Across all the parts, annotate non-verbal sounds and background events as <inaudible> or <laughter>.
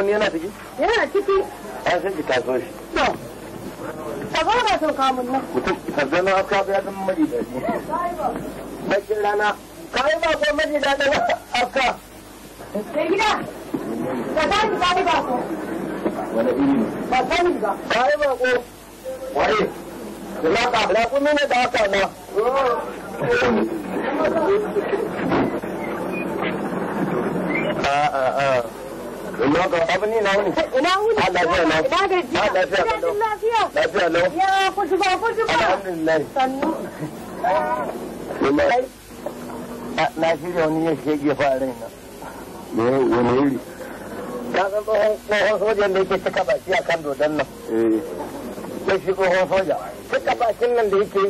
abin yana ciki? Yana ciki. A san ki taso shi. To. Tabar ba sun kawo mun nan. Mutum tarzan a aka ya zama maji daɗi. Bakin rana. Kawai ba ko maji daɗi ba aka. Ke gida. Ka tashi kawai ba ko. Wane iri ne? Ba ta yi ba. Kawai ba ko. Waye? Da laka, lakumi ne da aka na. <laughs> haka sabon ni na wuni ina wuni Allah ya na ina gajiya Allah ya lafiya lafiya lau ya ku zuba ku zuba alhamdulillah sannu na shirya wani ya shege fara ina ne wani iri ka san tsohon sojan da yake cika baki a kan dodon nan ya shi tsohon soja cika bakin nan da yake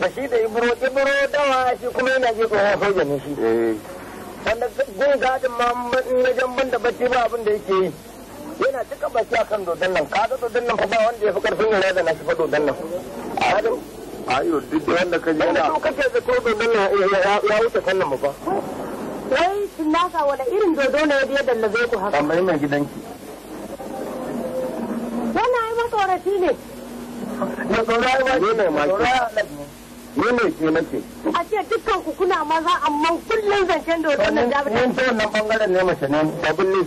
da shi da ibro ibro dawa shi kuma yana je tsohon soja ne shi wanda gun gadin ma na jamban da bacci ba abin da yake yi yana cika bacci a kan dodon nan ga dodon nan fa ba wanda ya fi karfin yana da na shi fa dodon nan ayo duk wanda ka ji yana ce kake zato dodon nan ya wuce kan nan ba wai cinnaka wala irin dodo ne ya dallabe ku haka amma ina gidanki wannan ai matsoraci ne matsoraci ne ma ne ne mai ke nake a ce dukkan ku kuna maza amma kullum zancen dodon nan jabi ne ta wannan bangaren ne mace ne babin ne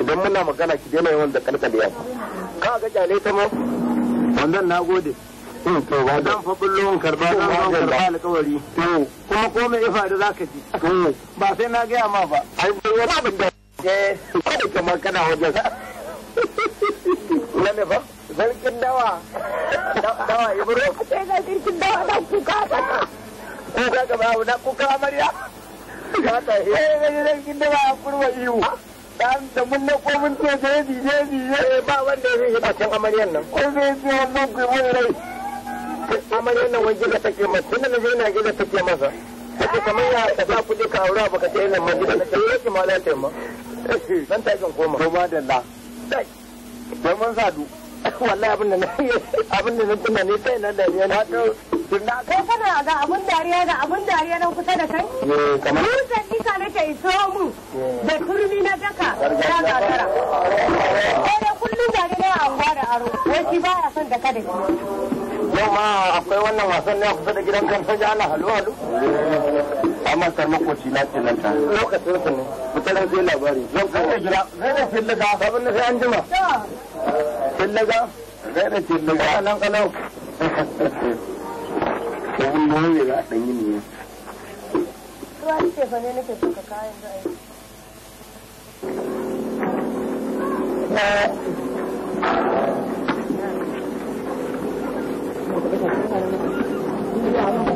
idan muna magana ki daina yawan da kalkaliya ka ga kyale ta ma wannan na gode hmm, to ba zan fa bullon karba zan fa karba alƙawari to kuma ko me ifa da zaka ji hmm. ba sai na gaya ma ba ai wani abin da eh <laughs> kamar kana wajen <laughs> ne ba Sarkin dawa. Dawa Ibro. Sai ga sarkin dawa na kuka ta. Kuka ga babu na kuka amarya. Ka ta yi. ga eh, sarkin dawa a kurwa iwu. Dan da mun na ko mun ce jeji jeji je. Eh, ba wanda zai yi bacin amaryan nan. Ko zai ce wannan ku mun rai. Amaryan nan wajen da take masa. Tunda na zai na gida take masa. Kake kamar ya ka ba kuɗi ka aure baka ce nan mun gida na eh, yake ma ma. Dan takin koma. Koma da la. Sai. Sai sadu. wallahi abin da na abin da na tunani ne sai na dariya na to na kai kana ga abin dariya da abin dariya na kusa da kai eh kamar musa kika nake iso mu eh. da turmi na daka da gagara eh da kullun gari na anguwa da aro wai shi baya son daka da shi yamma akwai wannan wasan ne a kusa da gidan kan sai ana halu halu eh. amma sar makoci na ce nan ta lokacin ku sai labari zan zai fillaga sai an jima fillaga zai fillaga kalau <laughs> a ɗanyi ne ruwa ni ce fa ne nake kayan da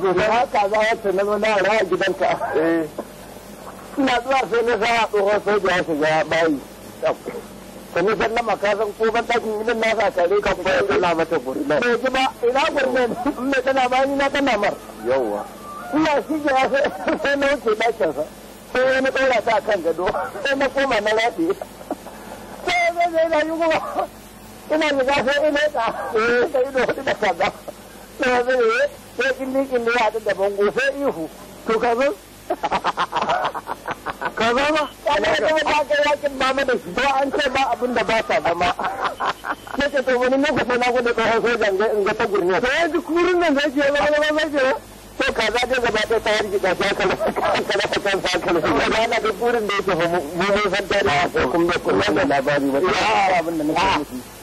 Gobe kaza wacce na zo na a gidanka. Eh. Ina zuwa sai na sa tsohon soja ya shiga bayi. Ka ni sallama ka san ko ban takin gidan na sa kare ka kuma ya kalla mata gurna. Bai ji ba ina gurna in mai tana bayi na tana mar. Yawwa. Ina shi ya sai na wuce ɗakinsa. Sai wani ɗora ta kan gado sai na koma na rafi. Sai zai zai na yi goma. Ina shiga sai ina ta. Ina ido hudu da kaza. Sai zai ko kinni kinni ya da bango sai ihu to ka zo ka zo ba ya ne da ba ga yakin ba ma da shi ba an ce ba abin da ba ta zama sai ka to wani ko na gudu ka hausa ga in ga ta gurniya to yanzu kurin nan zai ce ba ba zai ce to ka za ta gaba ta tayar gida ta kala kala kan sa kala ba na da burin da yake mu mun san ta da kuma kuma labari ba abin da ne nufi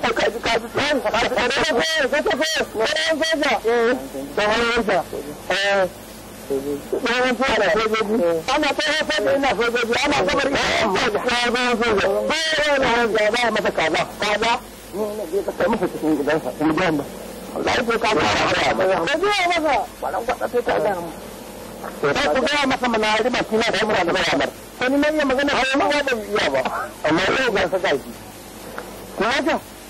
ko ka ana masa kuma ka da magana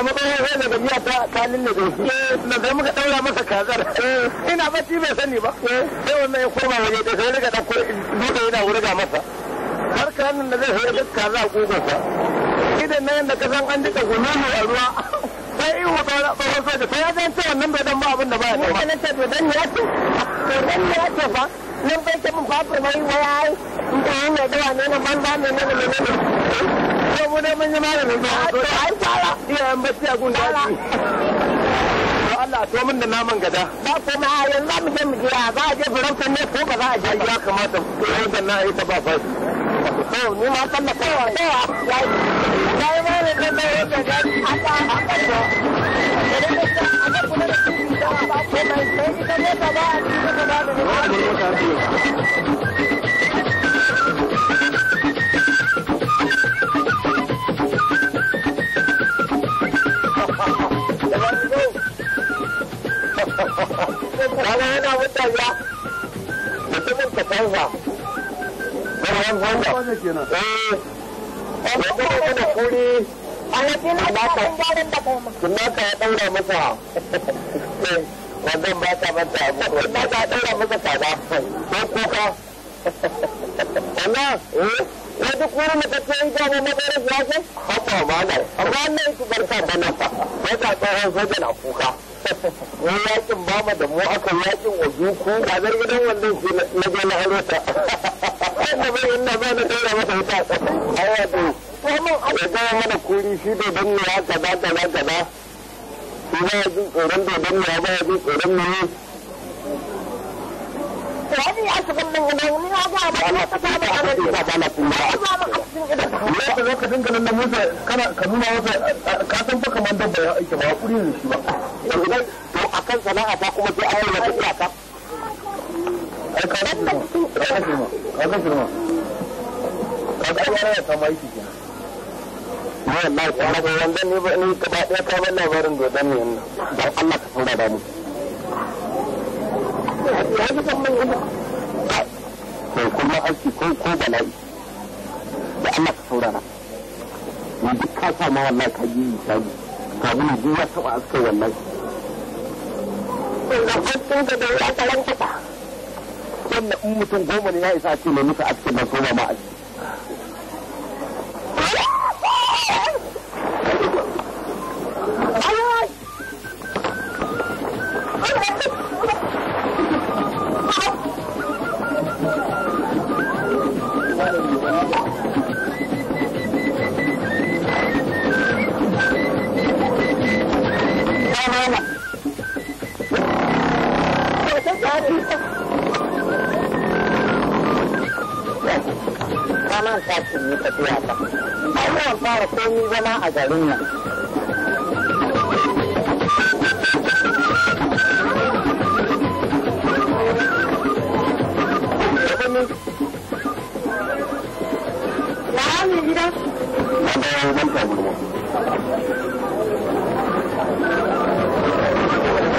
samu ɗaya sai da miya ta kalin eh. eh, da na sai muka ɗaura masa kazar eh. ina bacci bai sani ba sai wannan ya koma waje da sai riga ɗauko dutse yana wurga masa har kanin da zai sai ya kaza a kugunsa idan na yadda kasan an duka gululu a ruwa sai in hoto na tsohon soja sai ya zan ce wannan bai dan ba abin da ba ya dan ba. Ni ce to dan ya ce to dan ya ce fa nan bai ce mun fa furmai waya ai in ta yi dawa ne na banza ne na ne ne. Ko mu dai mun yi malamin ba. To ai fara. Iyayen bacci a gun daji. To Allah to min da naman gada. Ba kuma yanzu za mu je mu jira za a je farautar ne ko ba za a je. Ya kamata farautar na ita ba fa. To ni ma san da kowa. Kowa. Ya yi malamin da bai yi gada. Allah a kasa. Thank you. rana yana mutane mutumin ka canza garawan wanda eh wanda kuma da kuri Sunaka ya ɗaura masa wannan ba ta manta abu ba ta ɗaura masa kaza ko kuka Allah eh. ya duk wani matakai da mu madarar ya ce haka ma na amma Allah ya barka da nan fa ya ka tsohon soja na kuka mu yakin ba mu da mu aka yakin wa duku ba gargadan wannan ke na ga na halitta wanda bai ina ba na tsara masa wuta a wato kuma a ga mana kuri shi da dan ne haka da da da da ba ya jin tsoron da dan ne ba ya jin tsoron ne wani ya shiga nan ka wani ya ga ba na ta ba ba ana ji ba na kuma ba ba ka zo ka dinga nan musa kana ka nuna masa ka san fa kamar dabba ya aike ba hakuri ne ba to akan sana'a ta kuma ka an yi wata ta ai ka ga firma ka ga ka ga wani ya samu aiki kenan wallahi kuma wannan ne ba ka gaba daya ka bar labarin dodon ne wannan dan Allah ka fara da mu ya fi ko kuma aiki ko ko bala'i da Allah ka saurara ni duk ka sa ma wallahi ka yi misali ka bi duk ya taba aska wallahi da kwatsun da da ya taran kafa wannan in mutum goma ne ya isa ce ne musu aski ban koma ma aski Thank you. Kaman ta ce ni tafiya ba. Ai fara komi zama a garin Na ne gida?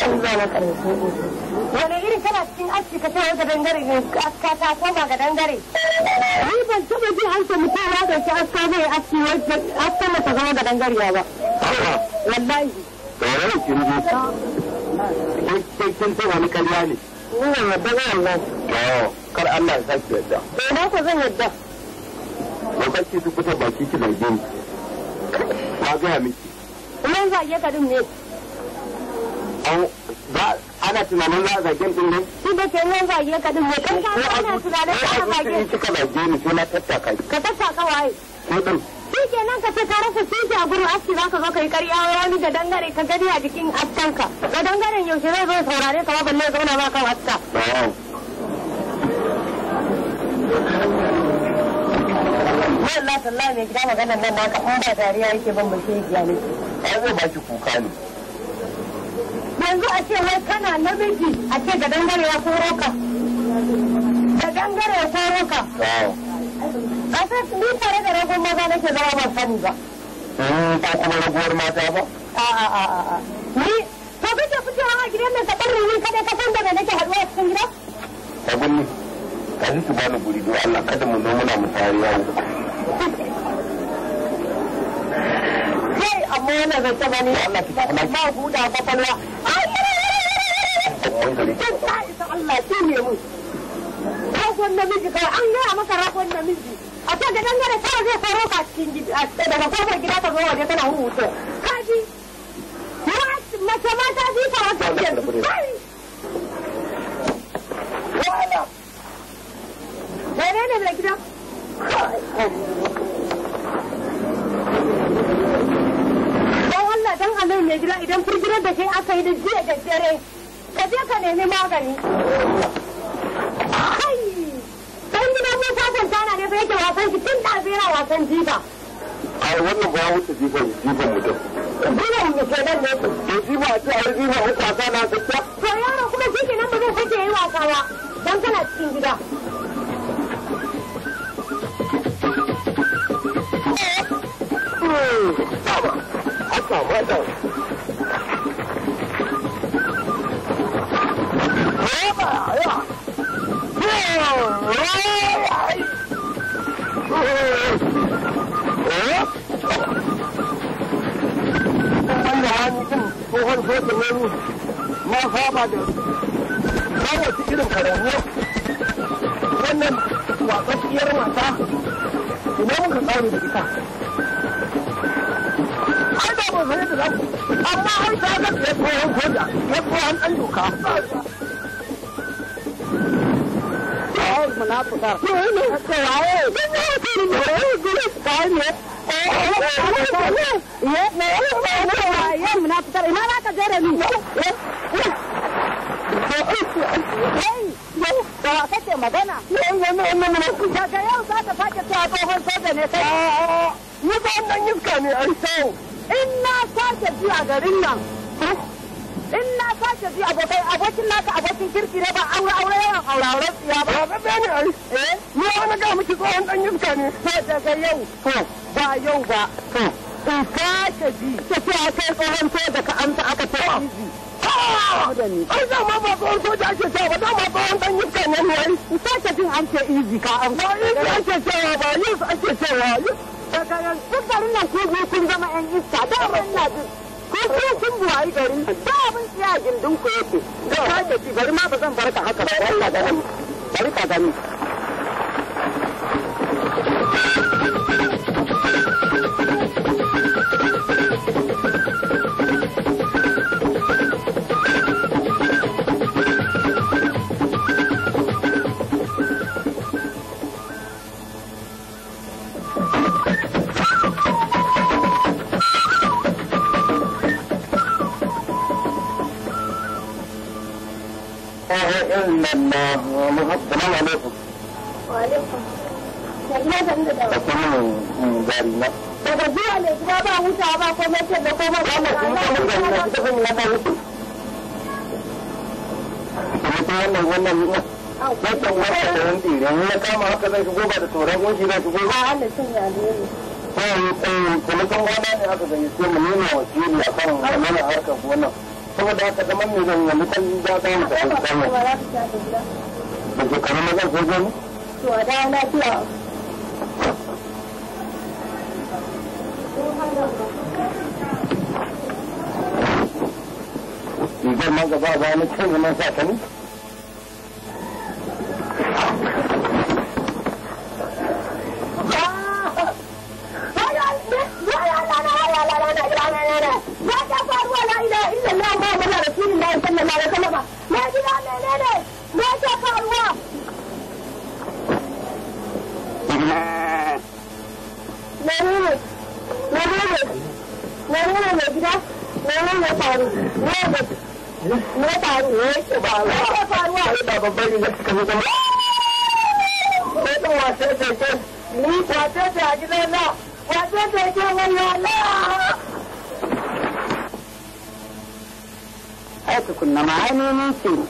banza na karshe wani irin kana cikin aski ka ta wata dangare ne aska ta koma ga dangare ni ban taba jin an samu kowa da shi aska zai aski wai aska ta zama ga dangare ba wallahi tsoron kin ji kin taba wani kariya ne ni ban yadda ga wannan kar Allah ya saki yadda eh na ka zan yadda lokaci su kusa baki ki mai gini ba ga miki Iman za a iya garin ne. ana tunanin za a zage din ne shi da ke nan zage ka din ne kan ka ana tunanin za a zage ni kika zage ni sai na tattaka ki ka tattaka waye ko din shi ke nan ka ce ka rasa shi a gurin aski za ka zo kai yi karya wani da dangare ka gani a jikin askanka da dangaren yaushe zai zo saurare ka ba balle zauna ba kan aska wallahi tallahi mai gida magana nan naka in ba dariya yake ban ba shi ya ne ai zai ba ki kuka ne yanzu a ce wai kana namiji a ce da dangare ya koro ka da dangare ya koro ka kasar ni tare da ragon maza nake zama ban sani ba hmm, ko kuma raguwar mata ba a a a a ni to kake fitowa a gidan nan ka barri ni kada ka san daga nake haduwa cikin gida ka ne ka ji su bani guri don Allah kada mu zo muna mu tare yawo <laughs> kai amma wannan zance ba ne Allah ki kuma ba huda Allah ne mu ragon namiji kai an gaya maka ragon namiji a da dangare zai faro ka cikin daga kofar gida zo waje hutu kaji mace ji ta wata kai wala menene gida don Allah don Allah mai gida idan furgirar da kai aka yi da jiya da dare ka je ka nemi magani kai Don gina mun sasan tana ne sai yake wasan ki tun da zai wasan jiba ai wannan ba wuce jiban jiban mutum jiban ke kenan ne ba jiba a ce a jiba na kana ta to yaro kuma shi kenan ba zai sake yi wasa ba dan kana cikin gida Haka mata. tsohon kofin na saba da kowace irin karamu wannan watsakiyar mata ina muka tsari ita lahu amma an ta ga ya koyi goda ya koyi an ai ko ne ne ne ko ne ne ya ina ka ni kake daga yau za ta tsohon soja ne ni ba wannan ne sau in na sake zuwa garin nan in na sake zuwa abokai abokin naka abokin kirki ne ba aure aure yawan auraren ya ba ba ba ne ai eh ni wani ga miki tsohon dan iska ne to daga yau ba yau ba in sake ji ta ce a kai tsohon to da ka amsa aka ce Ai da ma ba tsohon soja ake cewa ba ma tsohon dan iska ne ne ai. Sake jin an ce izi ka amsa. Ba izi ake cewa ba yus ake cewa yus daga yanzu garin nan kun zo kun zama yan ista da ban na ji kun zo kun buwayi garin nan da abin tsiya gindin ku yake da kake ci bari ma ba zan bar ka haka ba wallahi bari ka gani الله السلام عليكم وعليكم da gida da inda da kuma gari na daga zuwa ne gida ba wuta ba ko mace da ko ba ba ba ba ba ba wannan wannan wannan wancan wata da wani tsirin ya kama haka zai shigo ba da tsoron kunshi zai shigo ba a hannun sun yare ne kuma kan gwana ne haka zai yi sai mu nuna wakili akan wannan harkar gonan saboda haka zaman mai zan yanzu kan da mu da kan da ke maza ko to lafiya ma gaba ba na kan zaman sa ta ne? two.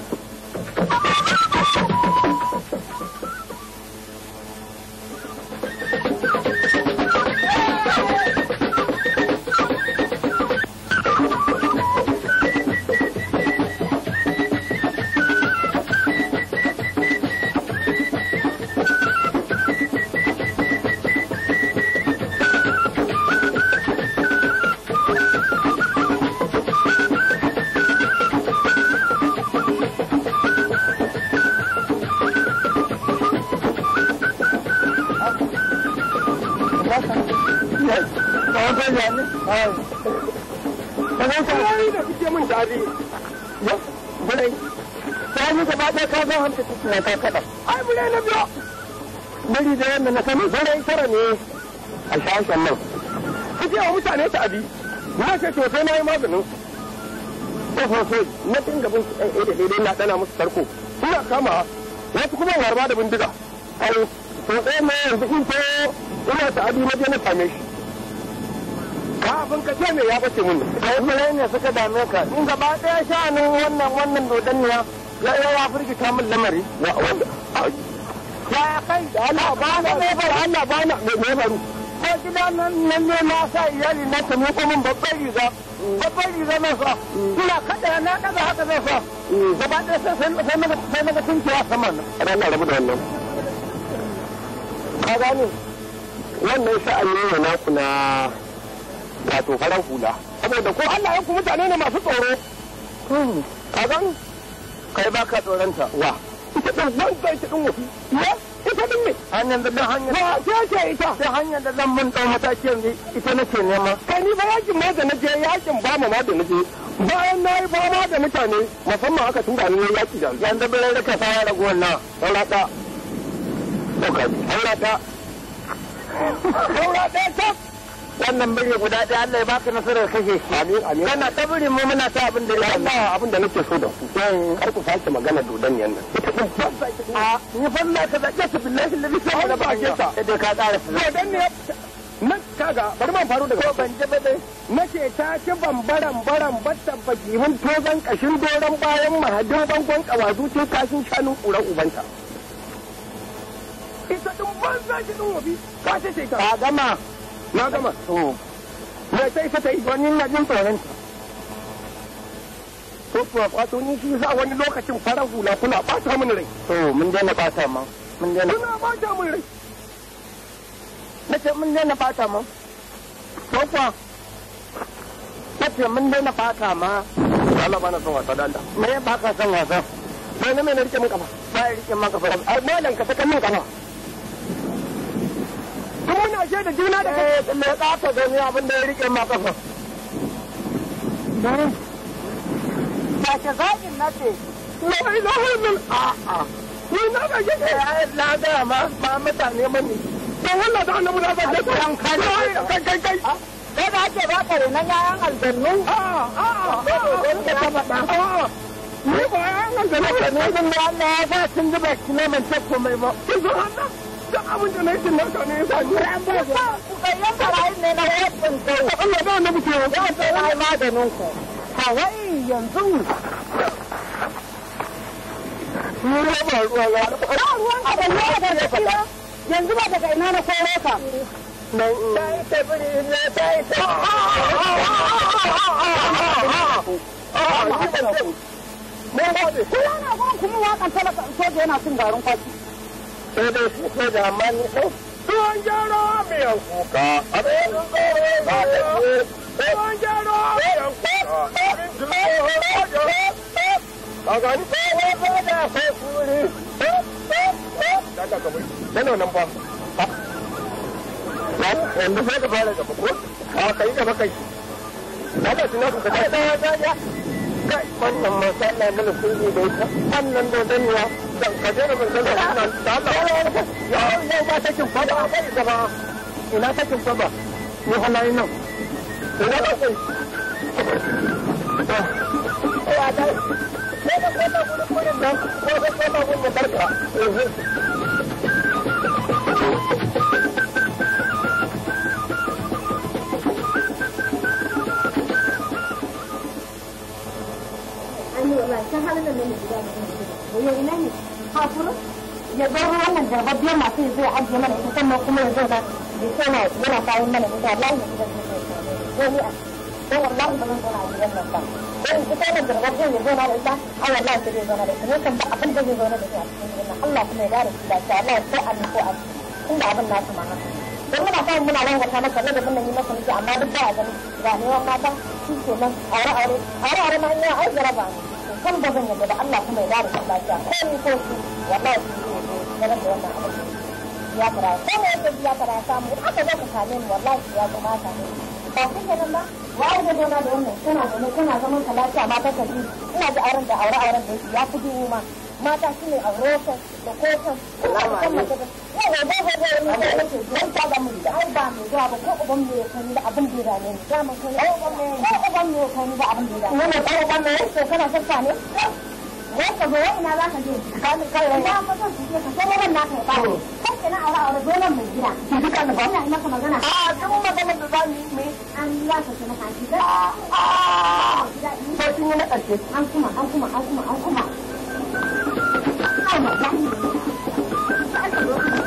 na farfadar. Ai bule na biyo. Bari da na tara ne a shashen nan. Kuke wa mutane ta abi. Na ce na yi maganin. Sosai na dinga bin ɗan ɗaya da na ɗana musu tarko. Suna kama wasu kuma da bindiga. Ai na yanzu in ko ina ta abi na je na same shi. kafin ka ce me ya bace mun. Ai bule ne suka dame ka. In gaba ɗaya shanin wannan wannan ya ya ta min lamari ya kai da Allah ba na ne ba Allah ba na ne faru ko gida nan nan ne na sa iyali na ta muku min babbar riga babbar riga na sa ina kada na daga haka zai sa gaba da sai sai sai na sai na tunkiya saman ran Allah rabu da wannan ka gane wannan sha'ani ne na kuna wato farar hula saboda ko Allah ya ku mutane ne masu tsoro ka gane kai ba ka tsoron ta wa ita din ban ta ita din wofi ya ita din ne hanyar da hanyar ba ta ce ita ta hanyar da zan mun dau mataki yanzu ita nake nema kai ni ba yakin ma da naje yakin ba ma ma da naje bayan na yi ma da mutane musamman aka tura ni yaki da yanzu birai da ka fara ragowar na saurata saurata saurata saurata wannan bai guda ɗaya Allah ya baka nasarar kashe shi amin amin kana ta birni mu muna ta abin da ya Allah abin da nake so da ku kar ku sake magana dodan yan nan a ni fa Allah ka zaka su billahi lillahi sai da ba ke ta da ka tsara su dodan ne Na kaga bari man faru daga ko ban ba. dai Nake ta ci bambaran baran batta bakihin tozan kashin doran bayan mahadin bangon kawazu ce kashin shanun ƙuran ubanta ita dun ban zaki dun wabi ka ce ta gama na gama me ta isa ta yi wani na jin tsoron ko kuwa kwato ni shi za wani lokacin farar hula kuna bata mun rai to mun dena bata ma mun dena kuna bata mun rai nace mun dena bata ma ko kuwa nace mun daina bata ma Allah bana son wasa danda me ba ka son wasa bai ne me ne rike min kafa bai rike min kafa ai malan ka saka min kafa duk wani ashe da juna da kai ya eh, tsaka abin da ya rike ma kafa ba ta zaɓin na ce a'a ni na ya la da ma ba mutane mani to wallahi da annabi da zaka ta an kai kai kai kai kai da ake ba kare yayan aljannu a a a ni ba yayan aljannu ne dan Allah ya ba mai ba duk abin da na yi ne ya ne na Allah da yanzu. Ya maganin ku. yanzu. ba ruwa ya. Ba da Yanzu ba daga ina na ka. Ta yi na ta yi kuma wakan talaka soja yana cin garin kwaki. Todos os programas são Sonjará, meu cuca, Thank you. kai wannan mata Allah mana sirri da ita wannan dodaniya dan ka jira mun san wannan ta Allah ya ya ba ta kin fada ba da ba ina ta kin fada ni halayen nan ina ba kai ya da ne da ko da gurin gurin ne ko da ko da gurin barka halin nan ne da ya ina ne kafuru ya bar wannan jarbabbiyar masu ya zai ajiye mana ita sannan kuma ya zauna ya kona yana kayan mana ita wallahi ya zai zai ni a don wallahi ba zan zauna a gidan nan ba ko in ita da jarbabbiyar ya zauna da ita ai wallahi ta zai zauna da ita ne kan ba abin da zai da ita a cikin gidan Allah kuma ya dare da shi Allah ya sai a ko a tunda abin nasu ma haka don muna kawai muna langata maka ne da muna yi masa miki amma duk ba a gani ganewa mata shi ke nan aure aure aure aure ma ina aure jaraba ne kan ba zan yadda da Allah kuma ya bada lafiya ko ni ko ku wallahi shi ne da wannan abu ya fara ko ne yake ya fara samu haka zo ka same ni wallahi ya kuma ka ne ba ku shi nan ba wai da gona da wannan kana da ne kana zaman ka lafiya ma ka kaji ina ji auren da aure auren da yake ya fi duhu ma mata shine aure da kofin da kuma dan ta ba mu ba za ka je ka ni kai ne ba ba ko kana aure aure dole mu gida ki ka ba ina maka magana a duk yi a to kin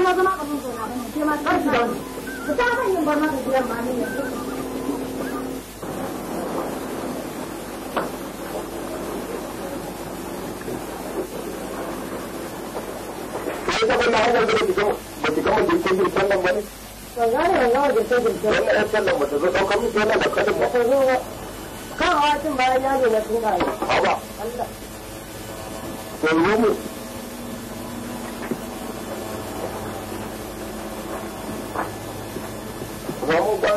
kuma zama ga mun zauna bane ke ma kar ki dawo ku ta ban yin barna da gidan ma ne Kan hawa cin bayan yaro na tun rayu. Haba. Allah. Yanzu mu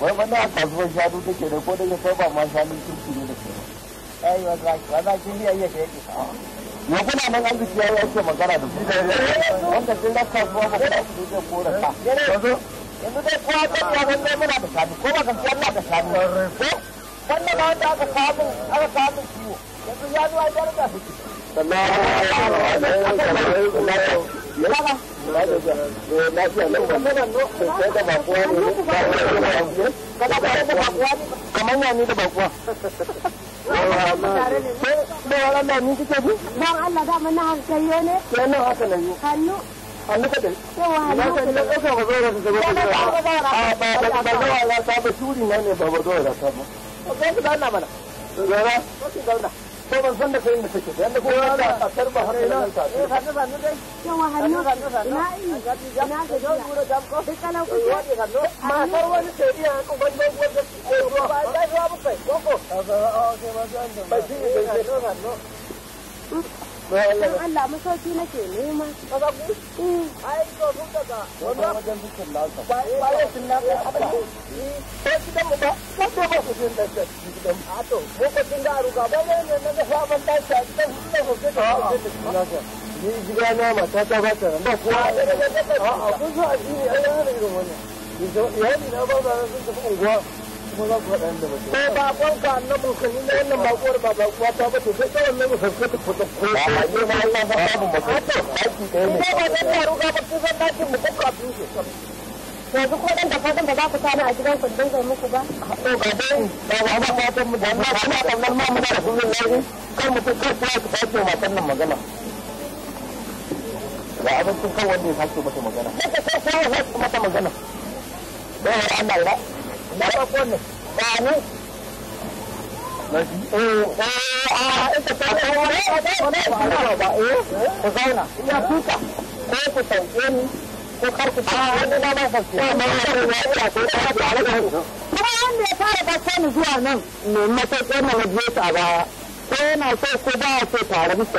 wai mana a kasuwar shanu take ne ko da ya kai ba ma shanun kirki ne da ke ba ai wanda kin iya iya yake ya kuna nan an ya ce magana da su wanda sun da kasuwa ba ka yanzu dai ta ya muna da shanu ko ba kan da shanu ko wannan aka samu aka samu yanzu su kamar ya ni da bakuwa da wala da ni kike bi dan Allah da mun har kayo ne yana haka ne hannu hannu ka da yawa hannu ka da ka ba zora da zora a ba ba ba zora ta ba shuri ne ba ba zora ta ba ko ka da na mana zora ko ki da na ¿Qué pasa? no no Don Allah masauki nake nema. Mazaku? Ai, to sun daga. Wanda? Wajen bikin Ba ya sun abin. Eh, ko ba? Ko ba ku sun A ah, to, ko da ba ne ne na gafa ban da Ni na ta ba ta ba ah, kun zo a ji ne ai yana irin wannan. na ba ba sun kuma ba wannan bakuwar ba ta ba sai ba ka a gidan ba mata magana Allah ya na farko ne ba nan zuwa nan ne mata ko na baya ko yana so ko ba ya so tare mista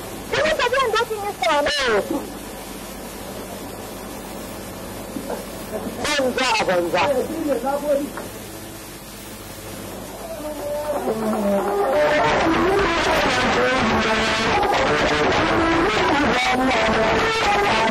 Eu não sabia onde é que me formou. Banzá, banzá. Thank you.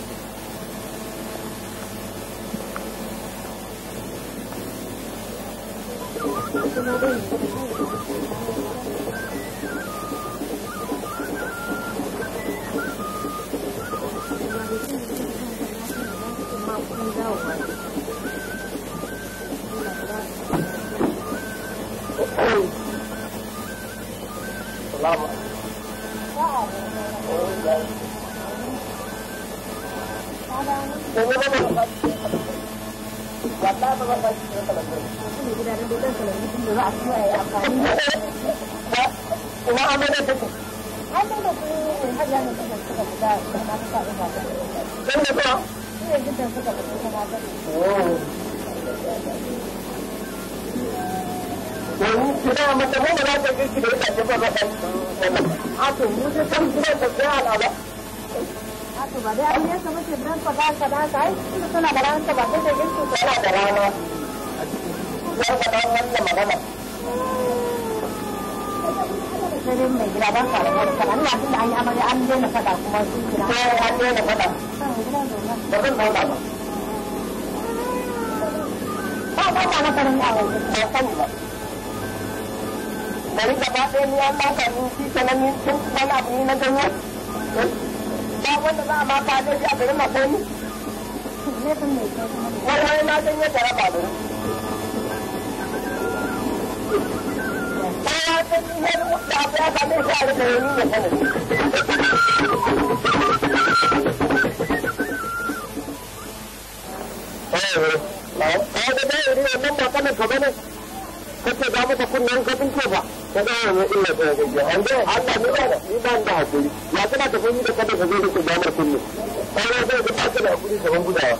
suna da ranar ta masu da jinsu da rana magana sirrin mai gida sa ina tunda an yi amarya an daina fada kuma kira ya daina fada ba zan zauna ba ba ba awon sani ba ɗaya ba ka shi tun wani abu na ganye ba wanda za a ma fa dai a garin makoni Wata na san yadda raba da yi da yanzu da da nan ba kanan ka bane kace kunnen ka ba ka da wani illa ta ba ba da hakuri ya kuma ba. da kada ka zo da ku da kunne. Kawai da ka da hakuri da gudawa.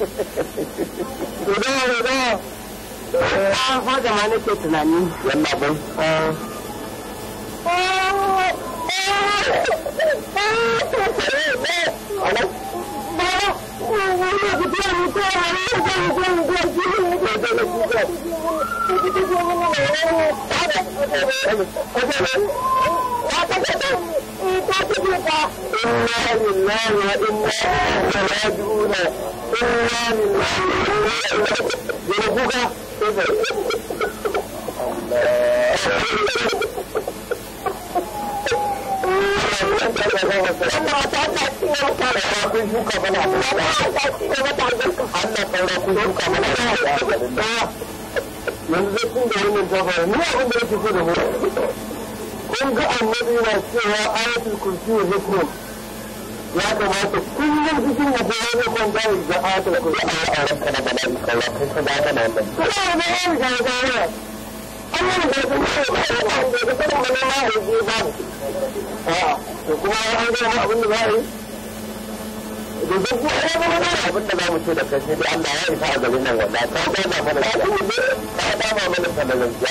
Ruda ruda. Ah, hoja ma nake tunani. Yalla ban. Thank ah, الله kun da ga annabi na cewa ayatul kursi wa ya kamata kullum cikin ya da ku da a ranka bala'i kawai kai ka da kana wannan to ba ne ya ya da kuma ya a to kuma abin da za a yi da duk kuma ya ga wani abin da za mu ce da kai sai Allah ya isa a garin nan wallahi ka ga na mana ka ga mana sanan ya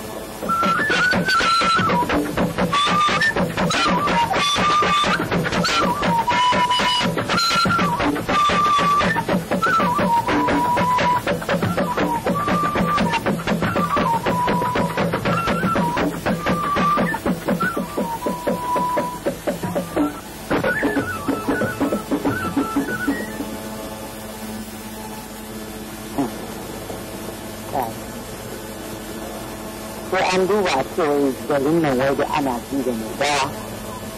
so garin nan wai da ana ji da mai dawa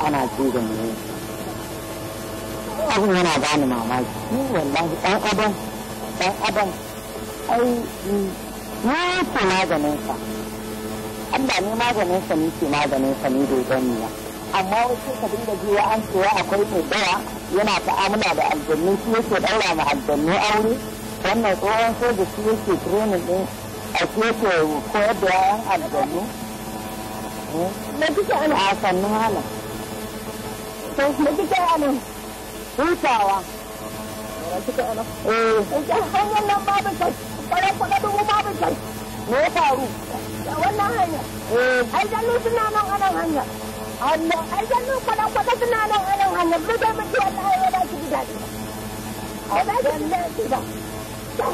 ana ji da mai abin yana bani mamaki ni wallahi ɗan adam ɗan adam ai na ke maganin sa Allah ne maganin sa ni ke maganin sa ni bai gani ba amma wasu ka dinga jiwa an cewa akwai mai dawa yana ta'amala da aljannu shi yake ɗaura ma aljannu aure wannan tsohon soja shi yake training din a ke koyar da yayan aljannu na kike ana a sannu hala na kike ana hutawa kike ana eh kike hanyar nan babu kai kware kware dubu babu kai me ya faru da wannan hanya eh ai jallu suna nan anan hanya Allah ai jallu kware kware suna nan anan hanya bai da mutum Allah ya ba ki gidaje ai ba ki gidaje ba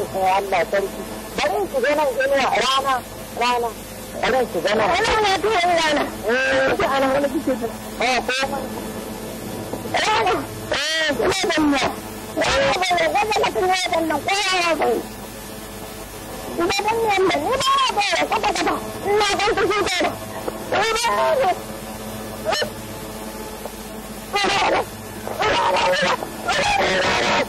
Allah sarki bari nan rana rana bari nan eh ana wani kike ta eh ko rana eh ne ba ne ga ga tun ya nan ko ya ba ina ne ni ba ba ba ka ba ba ba ba ba ba ba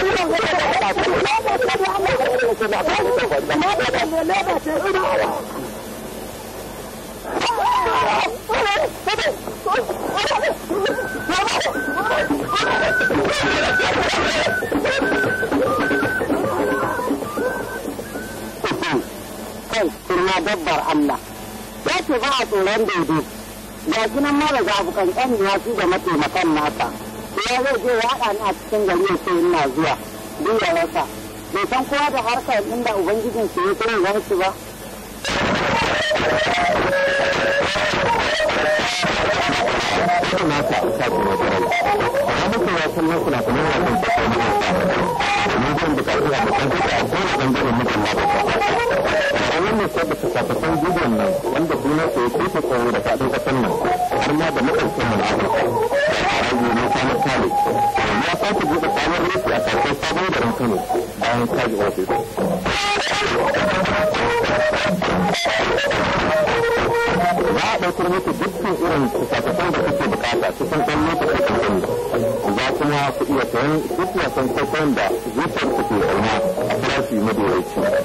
dabbar Allah ya ce ba a tsoron dodo ga shi mara zafukan da mataimakan nasa ya zai je haɗa ni a cikin gari ya zuwa duk yawansa bai san kowa da harkar inda ubangijin su ya kai warki ba irin nasa an sa kuma kwarai amma a zan bukatu a bakan kuka a kowane ɓangaren mutum ma ba a wannan nan wanda da faɗin ƙasar nan har da maƙarfin mu na afirka a yi ne buɗe tsamar rufi a kasuwar sabon garin kano bayan kaji wasu za a ɗaukar muku dukkan irin fusa-fusan kake bukata cikin ɗan lokaci ka gani kuma ku iya sayan duk wasan kwakwan da zuciyar ku ke a farashi kama zai siyar muku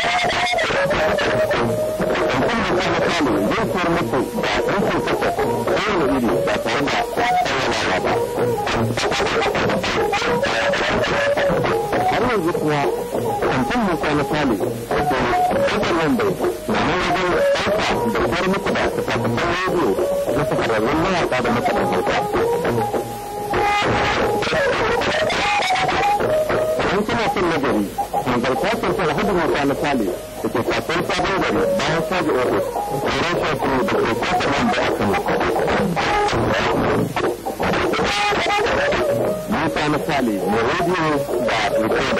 da iri ba tare da ba. Har yanzu kuma rediyo na suka rarrun da makamantarta. An kina son nagari, manzarta sun mota na sale da ke kasuwar bayan saji ofis, tsoron sa su da na sale mai rediyo da rikoda.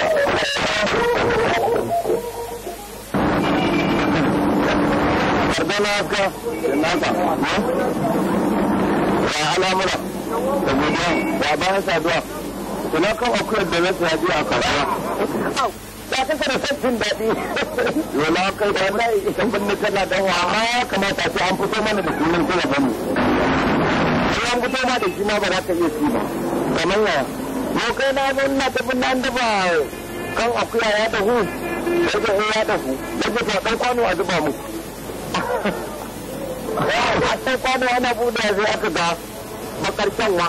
na haska nasa ya al'amura da godiya ya bayan saduwa ina kan akuyar da na sayaji a kasuwa ya kasa da sassin daɗi yola kai da wani ita binne tana dan wa kamata sai an fito mana da sunan kula ba mu sai an fito ma da shi ma ba za ka iya ci ba kamar yaya mu kai na zo ina ta binne an dafa kan akuya ya dahu sai ga ya dahu sai ta ɗan kwano a zuba muku wannan kwano ana buɗe sai aka ga makarcen wa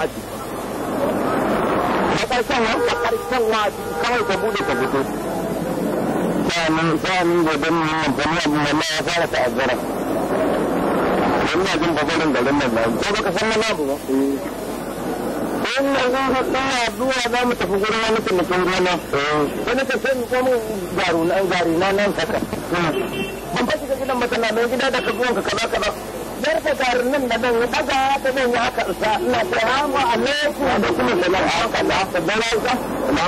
makarcen wa makarcen kawai ka buɗe ka fito sa'anin sa'anin godon ne wani da ma ya fara ta'azzara don na jin babarin garin nan na ko baka san wani abu ba eh. zuwa za mu tafi gurin wani taimakon gona eh. mu komo garu na nan saka hmm. ban ka gidan mai gida da ka zuwan ka kaza kaza da garin da nan nan ya haka isa ina salamu alaikum da kuma a da haka da na ga na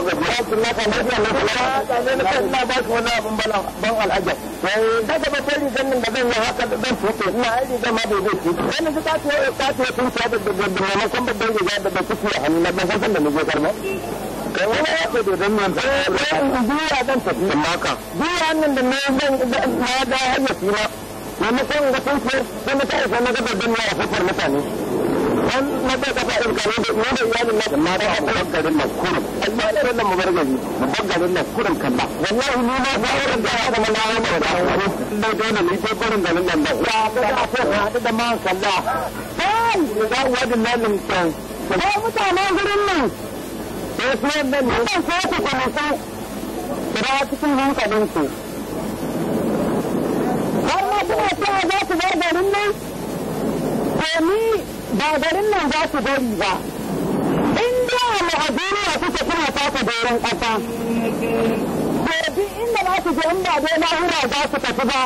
na ka na na ba wani abin bala ban daga ba sai nan da yi haka da zan fito ina ai rigan ma bai zai ji ta ce ta ce sun ta da da da mai kan babban riga da da kuke a hannu na ban san da mu kai wani ya ce da zan yanzu zuwa zan tafi nan da na zan na da hanyar maimakon da sun ce sai mata isa na gabar don yawa kofar mutane an ta kafa irin kare da ne da iyalin na amma da akwai garin nan kurum amma da ran mu bar mu bar garin nan kurum kalla wallahi ni ma ba wurin da ya zama na wani da wani da dole ni ko barin garin nan da ya ta ta hadu da ma kalla kai da wadin nan nan kan ko mutanen gurin nan sai su wannan ne sai ku kuma su kira cikin hankalinku kuna cewa za ku bar garin nan? To ni ba garin nan za ku bari ba. In da Najeriya kuke suna taka doron kasa. To inda za ku je in ba dai lahira za ku tafi ba.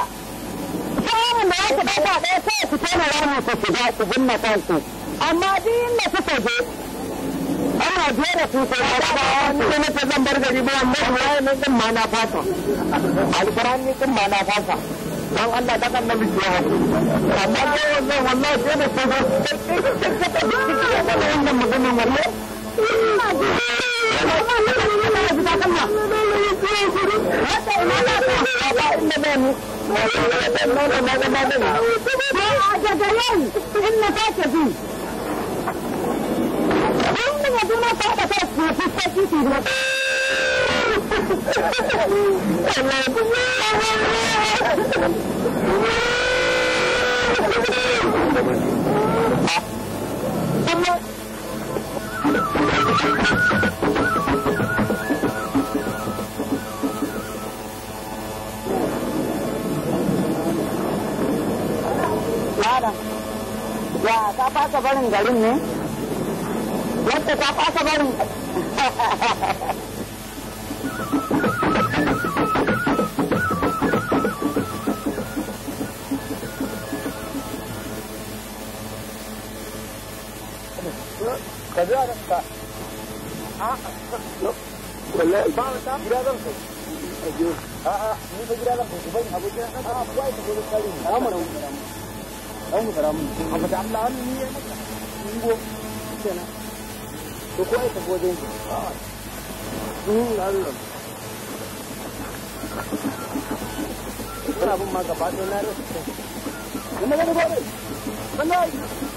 Samun da za ku ɗaga ɗaya sai ku tona ranar ku shiga ku binne kanku. Amma duk inda kuka je ana jera su sai a ba wani ne na zan bar gari ba amma wallahi ne din ma na fasa alqur'ani din ma na fasa dan Allah dan annabi ya amma dai wannan wallahi sai da kaga Thank you. Ya, barin garin ne? Yadda ta fasa barin. <laughs> ka zuwa da a a mun kana bin ma gaba ɗaya na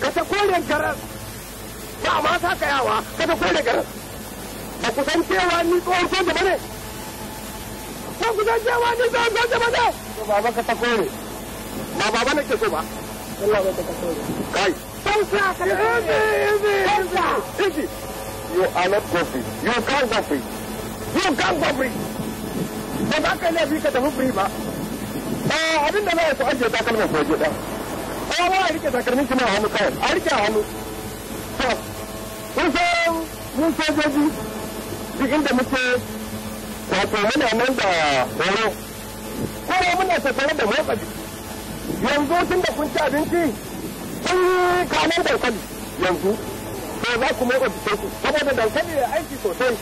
Kata ta koren karar ba ma sa kayawa ka ta koren ba ku san cewa ni tsohon soja ba ne ba ku san cewa ni tsohon soja ba ne baba kata kore ba baba ne ke so ba Allah ba kata kore kai Sansa, Sansa, Sansa, You are not go free. You can't go free. You can't go free. Ba za ka laifi ka tafi free ba. Abin da za a so ajiye takalmar ko ajiye kowa a rike takalmin a hannu kawai a rike hannu to kun mun sojoji duk inda muke wato muna nan da horo kuma muna tattare da motsa jiki yanzu tun da kun ci abinci kun yi kanar dankali yanzu to za ku motsa jikinku saboda dankali ya aiki sosai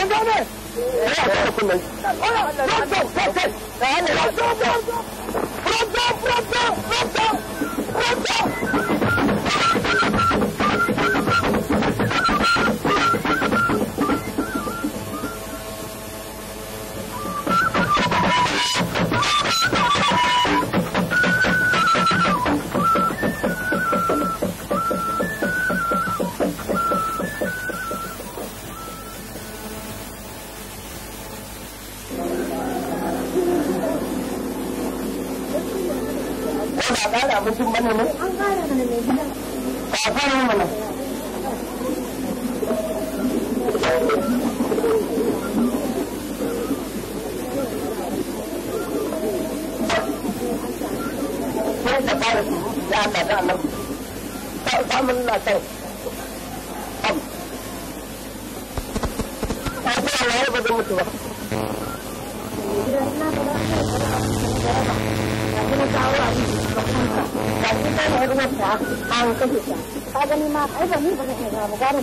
an gane Pronto, pronto, pronto, pronto, pronto.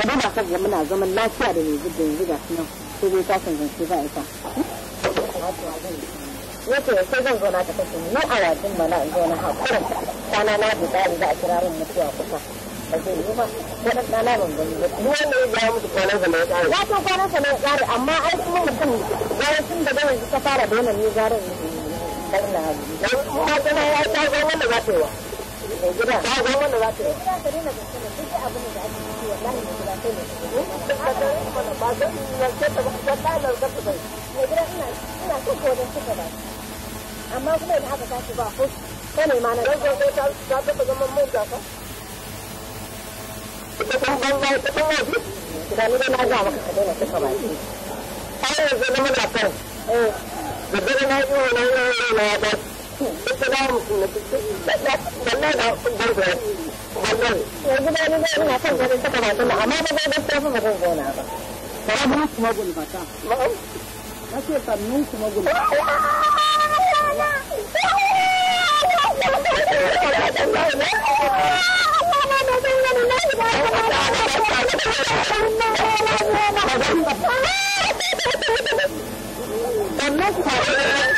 ka na ka muna zaman lafiya da yanzu zubin yanzu ga nan ko dai ka zance za a ita Yake ya sai zan zo na ta sun yi a wajen mana in zo na hakurin kwana na bi tsari za a kira min mutuwa kusa ba zai yi ba na ban gani ba ni wanda ya kwanan sa mai tsari kwanan amma ai kuma mutum bayan da yanzu ta fara dole ne zarin na da mai amma kuma aka tashi ba ko ne ma na da ko ta ta ta zama mun ka ban ta da ni na ga maka ka ba ai yanzu mun da kan eh da dare na yi na yi na ita za mu ba ba Thank you.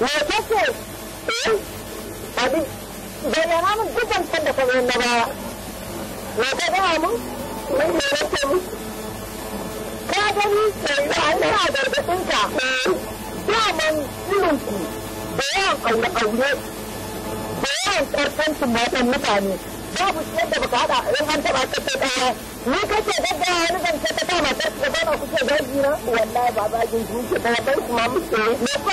Me kake? Eh? Abin bayyana min duk ban da kamar na baya. Me ka gaya mun? Mai me nake mu? Ka gani sai Allah ya gargaɗin ka. Eh, daman ilinku da yawan ƙaune-ƙaune da yawan ƙarfancin matan mutane babu shi yadda baka haɗa in an taɓa ka ta ɗaya ni kake gadda wani zance ta ta matar da ba na kuke gaji na wallahi ba ba jin zuciya ta bai kuma muke ne ko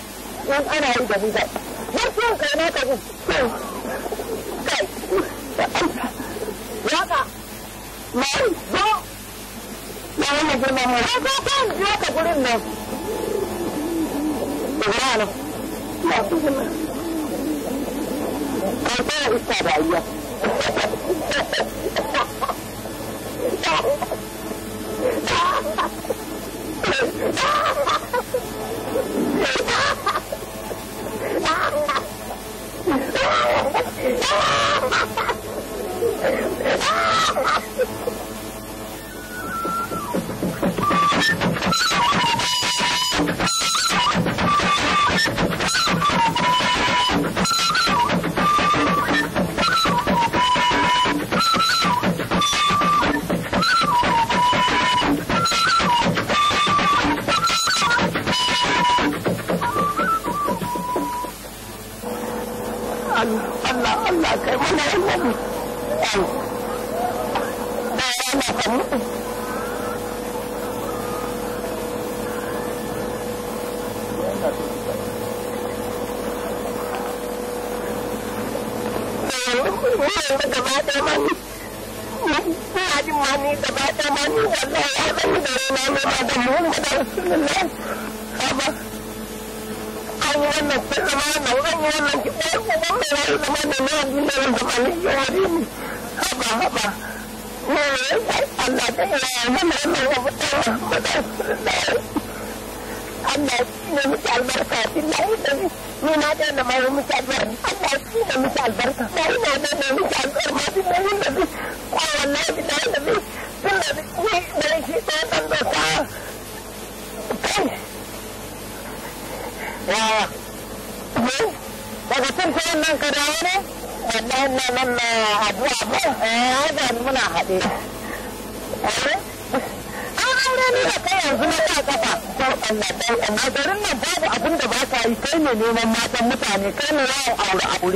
in ana yi da ni ka kai ya ka mai zo na girma ya zo kan ya ka gurin nan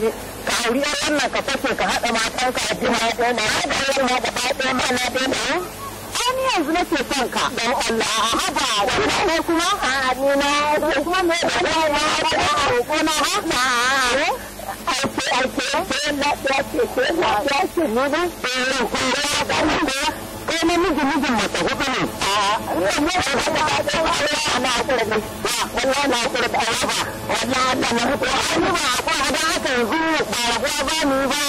aure ka aure wannan ka kace ka haɗa matanka a jiha ɗaya na haɗa yau ma gaba ɗaya ma na ɗaya yanzu nake son ka don Allah a haba wannan kuma a ni na kuma ba na ake ake ko na miji mijin mace hudu ne wannan ne ba ta da ta ba wallahi ba ko ni ba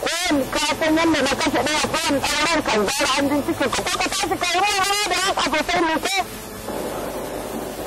ko ka san yanda na kashe ɗaya ko in ɗauran kan zara an jin cikin ko ka tashi kai ruwa da haka sosai ne ko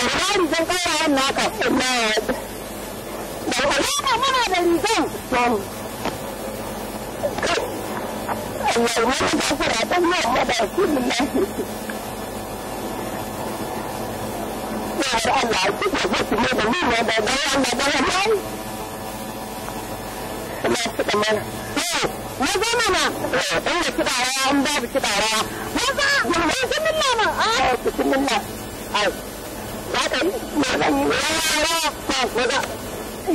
ba rigan ƙaurayen naka amma da alama muna da rigan mamu Allah ya mutu da furatan yamma da kullum na Yara Allah ya kuka zuci ne da nuna da gaya na da ramai. Kuma suka mana. Yau, maza mana, eh, ɗan da kiɗawa, an babu kiɗawa. Maza, mun zai kimin mana. Ah, kimin mana. haka magani ya ba maza ya ba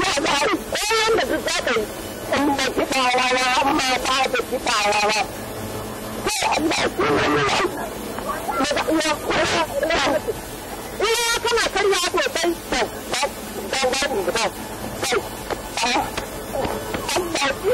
yi da karya ko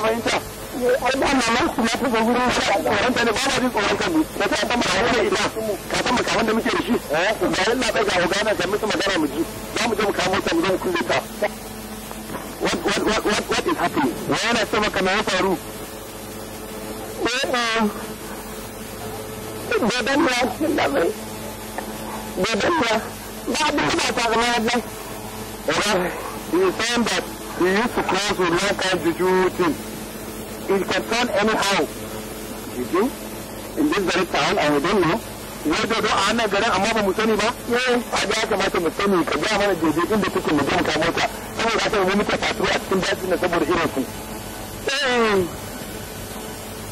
fahimta ai ba na nan kuma ku ga wurin shi tsoron ba kan mu da ta ka san mu kaman da muke da shi eh. ga da musu magana mu ji za mu je mu ta mu zo ta what what what what what is happening wa yana na ya faru eh, um, ba a ta zama you you used to close local is concerned anyhow. You see? In this very town, and we don't know. wai dodo a hannun garin amma ba mu sani ba a ga kamata mu sani ka ga mana jeje inda kuke mu jama kamo ta saboda haka mu muka fatu a cikin daji na saboda irin su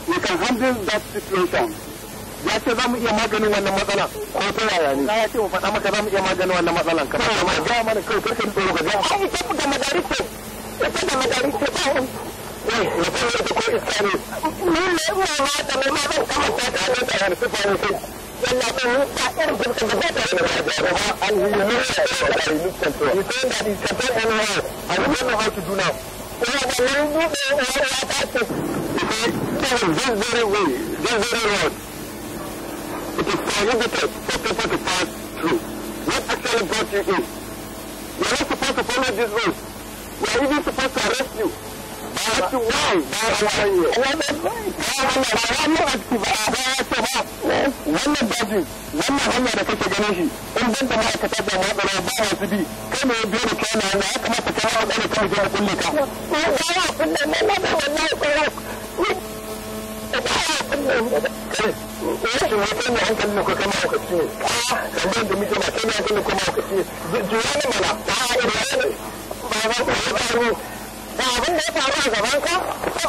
we eh. can handle that situation ya ce za mu iya maganin wannan matsala ko ta yaya ne ya ce mu faɗa maka za mu iya maganin wannan matsalan ka ta ma ga mana kai kai tsoro ka ga ai ta da madarike ta da madarike musamman da ko islami ni ne ina ma da mai ma zan kama ta ta da tsayar su fa ne yalla ko ni ta irin gurkan da ba ta da ba da ba an yi ne da da ni kan to you think that is something and how i don't know how to do now ina da ni ne da ya ta ce this very way this very road it is prohibited for people to pass through what actually brought you in you're not supposed to follow this road we are even supposed to arrest you That's why. That's why. That's why. Wannan daji, wannan hanya da kake ganin shi, in ban da ma'aikata da matsala ba masu bi, kai ne biyo da kyana na ya kamata kai wa ɗan kai da kulle ka. Rashin wata ne hankali ne ko kai ma'aikaci ne, kamar da muke ma kai ne hankali ko ma'aikaci ne, jiwa ne mana, ba a irin ba ba ba ba ba ga abin da ya faru a gaban ka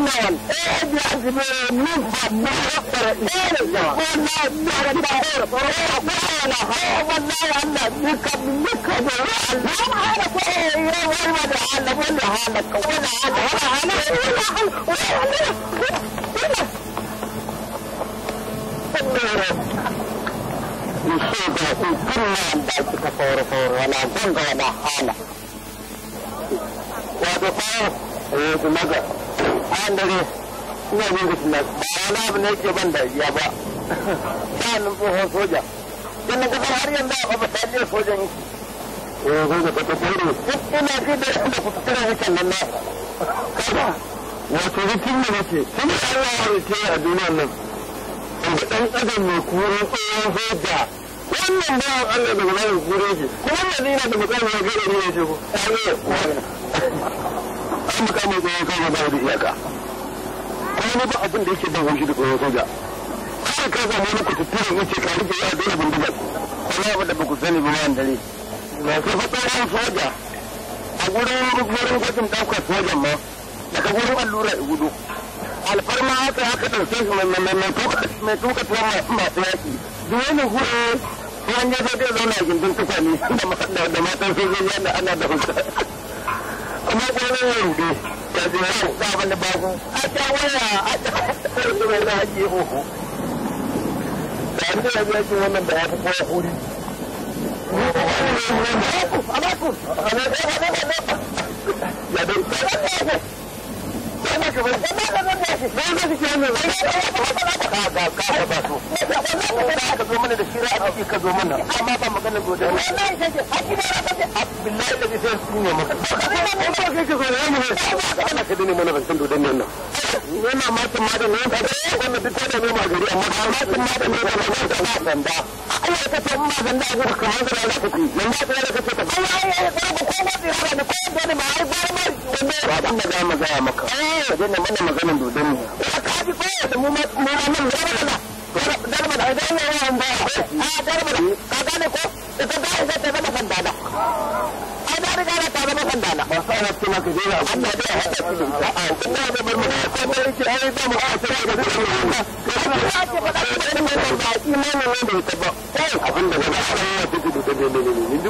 wannan ɗaya da min na rakwara ɗaya da wannan yara da ɗaya kowane hawa wannan Allah duka duka da Allah ba hana ko ya warma da Allah wanda halaka wanda halaka wanda halaka wanda halaka Nishiga in kunna da kika fauro-fauro wala gonga wala hala. Wato fauro, eh, maza. an dare ina yin gudun nan ba abu ne ke ban dariya ba sa'anin tsohon soja yana har yanzu a ba ta je sojan yi eh soja ta tafiye duk ina ji da yadda fitattun hakan nan na kaga wato rikin da nake tun Allah ya rike a duniyar nan da dan adam mai kurin tsohon soja wannan bawan Allah da gudanar da kurin kuma yanzu da mutane ya gare ne ya ce ko shi kama tsoron soja ba da iyaka kuma ba abin da yake ban haushi da tsoron soja kawai ka zama wani kututturen wuce ka rike ya dole bindiga kuma ba da ba ku sani ba wani dare ba su fatsarin soja a gurin rukunin gwajin daukar sojan ma daga gurin allura da gudu alfarma haka haka ɗauke shi mai tuka masu yaki duk wani hure ko an yi zai zauna a gindin da matan sojoji da ana da hulsa kamar gonar ya rude da zai yau da abin a ta a ta na ake hoho da an ce wannan da ya fi kowa ya dai ka zo mana amma ba magana gode ba billahi da zai su ne maka ba ka kai ka zo ne mun ba ana ka dane mana ban san dodan nan yana ma tun ma da ne ba wannan duk da ne ma gari amma ka ma tun ma da ne ba ma da ba dan da Allah ka ta ma dan da ku ka ma da na ku ki nan ba da ka ta ba ai ai ko ba ko ba da ko da ma ai ba ma wannan ba da ma ga maka ya daina mana maganin dodon mu ka ji ko da mu ma mu ma da darma da idan ne yawan ba a darma da ka gane ko ita da ita ta zama fandana ai da riga da ta zama fandana ba sai na tuna ka daina abu da ya hada su a a kuma da bar mu ko da yake ai da mu a sai da su ka ka ce ba da imanin ne da ita ba kai abin da ba ta da dodon ne ne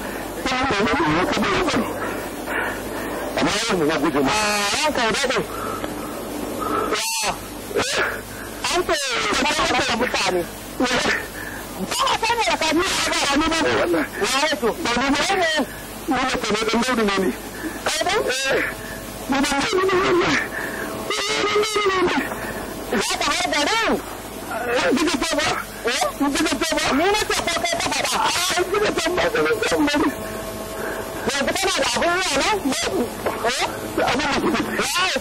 na a ta Eh? abin yana nan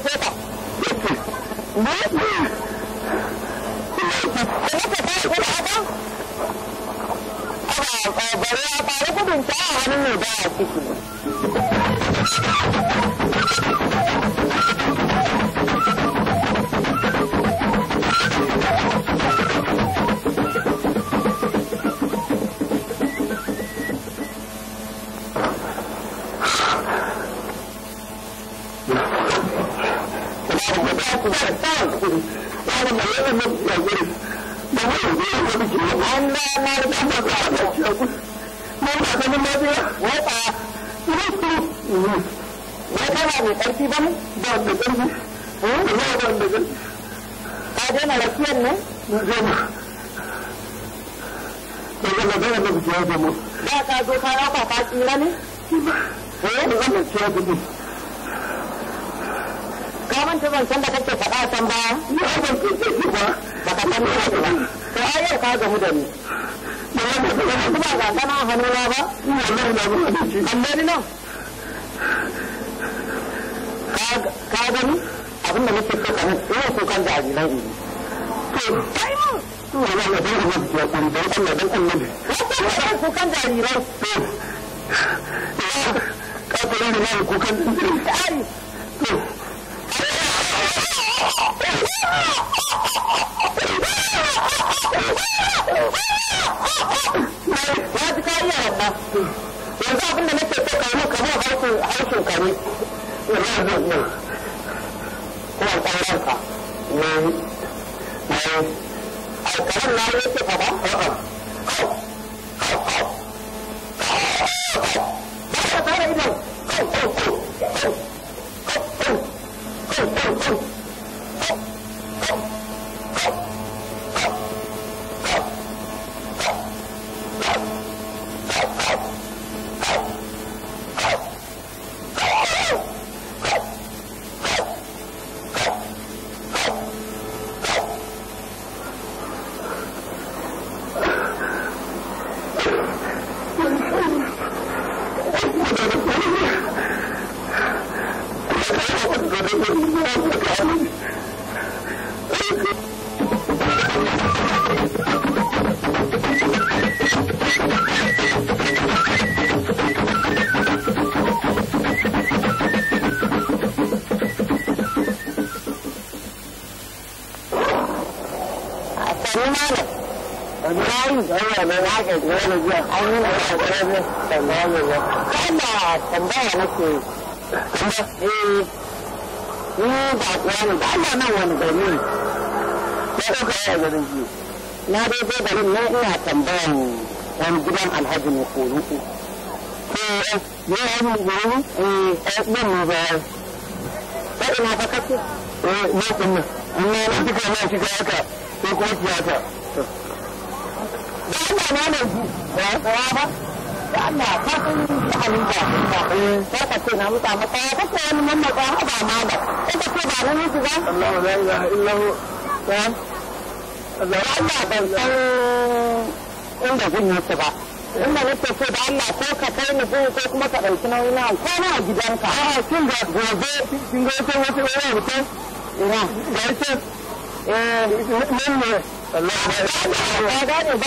da gole jiya yi da shekaru tambaya ne ba kana tambaya nake eh ni ba kuwa ne ba ko nan wani gari ne na ɗauka ya na dai dai tambayan wani gidan alhaji ne ko ruku ko ne ya gari Ko ina ba kake eh ne kuma amma na duka na shiga haka ko kuma amanar su ba ya tsaya ba da eh, ka ce na wani mamma ma da ka ce ba ba Allah la ilaha ta Allah Allah ban san inda ba inda nake da Allah ko ka kai ni gun ko kuma ka ko na gidanka a kin ga gobe kin ga wata wata wata ina ga ita eh mun Allah ya ba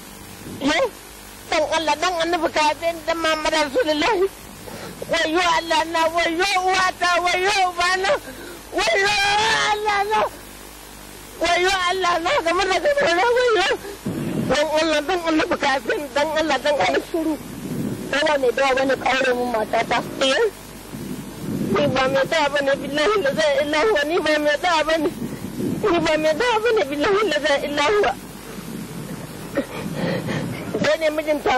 Allah dan annabi kafin dan Muhammad Rasulullahi wayo Allah na wayo wayo wayo Allah na wayo Allah na wayo dan Allah dan annabi dan Allah dan ne mun eh ni ba mai da bane billahi la ilaha ni ba mai bane ni ba mai bane billahi la ilaha illa huwa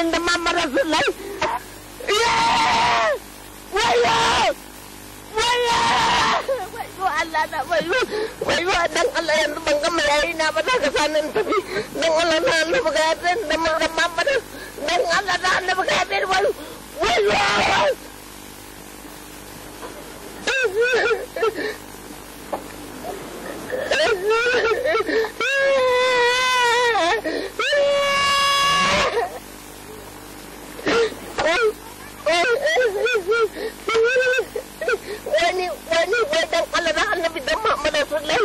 waɗanda mamara marasu lai wayo wayo wayo Allah na wayo wayo dan Allah yanzu ban gama yayi na ba daga sanin tafi dan Allah na annabi da mamara. dan Allah na annabi ga wayo wayo yanzu nai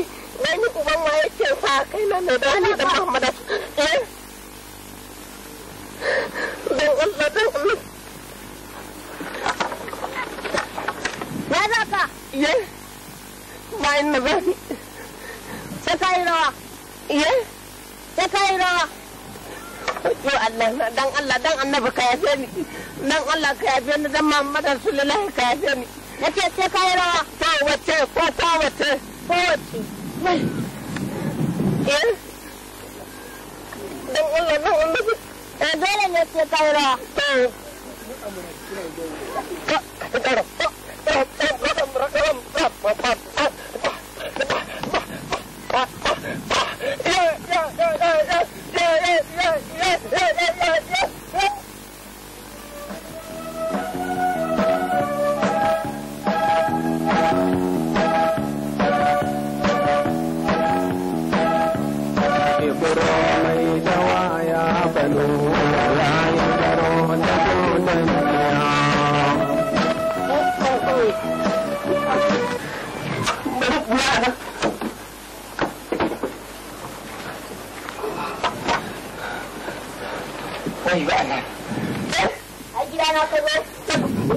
nai ni ma sa kai da dani da ya za ka ye na rawa ye rawa yo Allah dan Allah dan annabi ka yafe ni dan Allah ka yafe ni dan ka yafe ni rawa ta wace ko ta wace kowace don Allah don Allah eh dole ne sai ka wura to ka ka ka ka ka ka ka ka ka